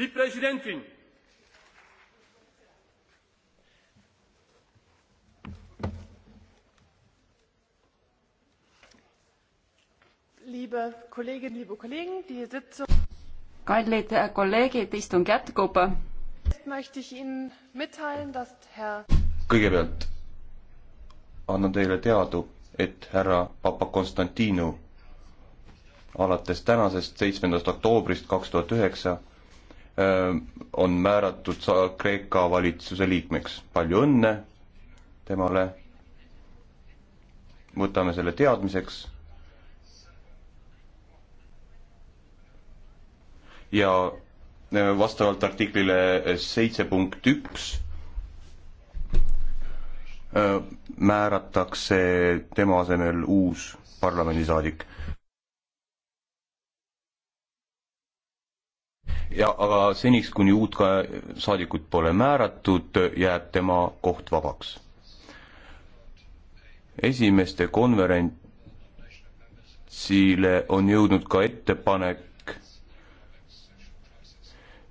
Die Präsidentin! Liebe Kolleginnen, liebe Kollegen, die Sitzung. Kallid kolleegid, istung jätkub. kõigepealt annan teile teadu, et härra Papa Konstantinu alates tänasest, seitsmendast oktoobrist kaks tuhat üheksa Äh, on määratud Kreeka valitsuse liikmeks. palju õnne temale, võtame selle teadmiseks ja äh, vastavalt artiklile seitse punkt üks äh, määratakse tema asemel uus parlamendisaadik. ja aga seniks, kuni uut ka saadikut pole määratud, jääb tema koht vabaks. esimeste konverentsile on jõudnud ka ettepanek